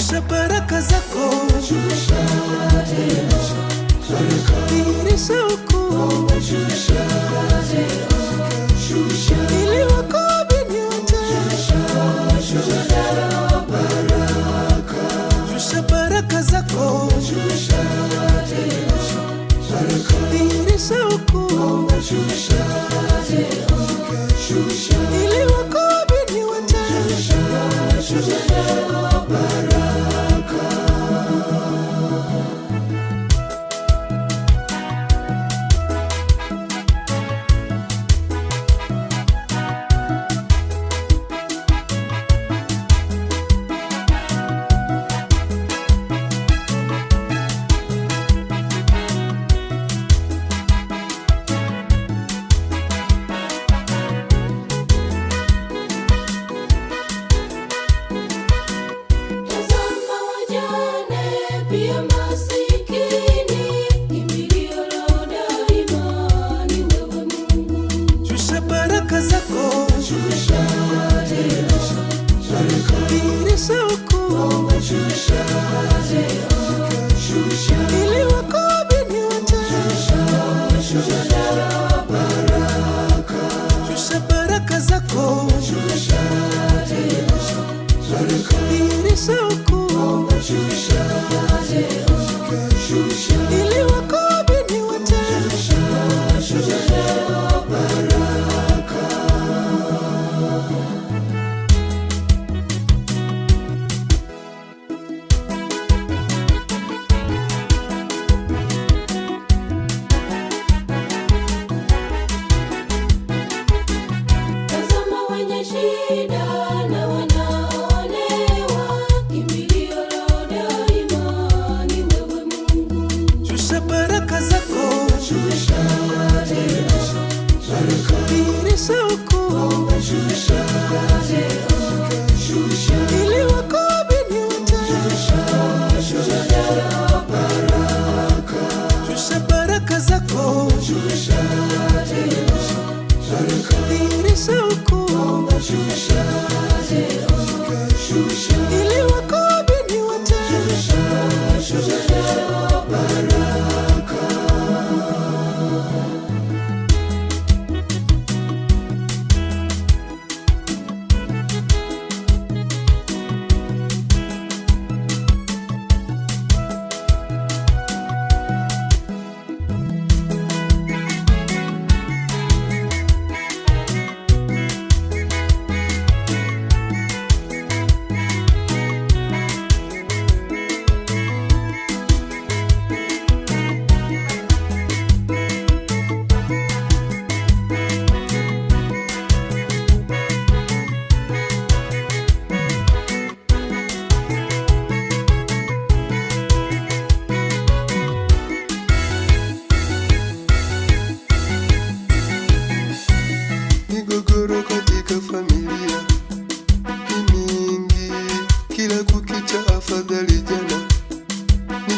Chusha, baraka chusha, dirisha ukuu, ili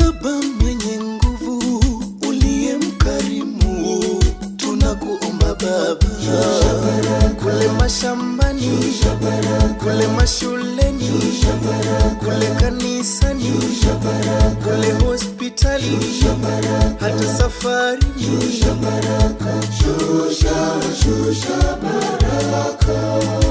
Baba mwenye nguvu, uliye mkarimu, tunakuomba Baba, kule mashambani, kule mashuleni, kule kanisani, kule hospitali, hata safari shusha baraka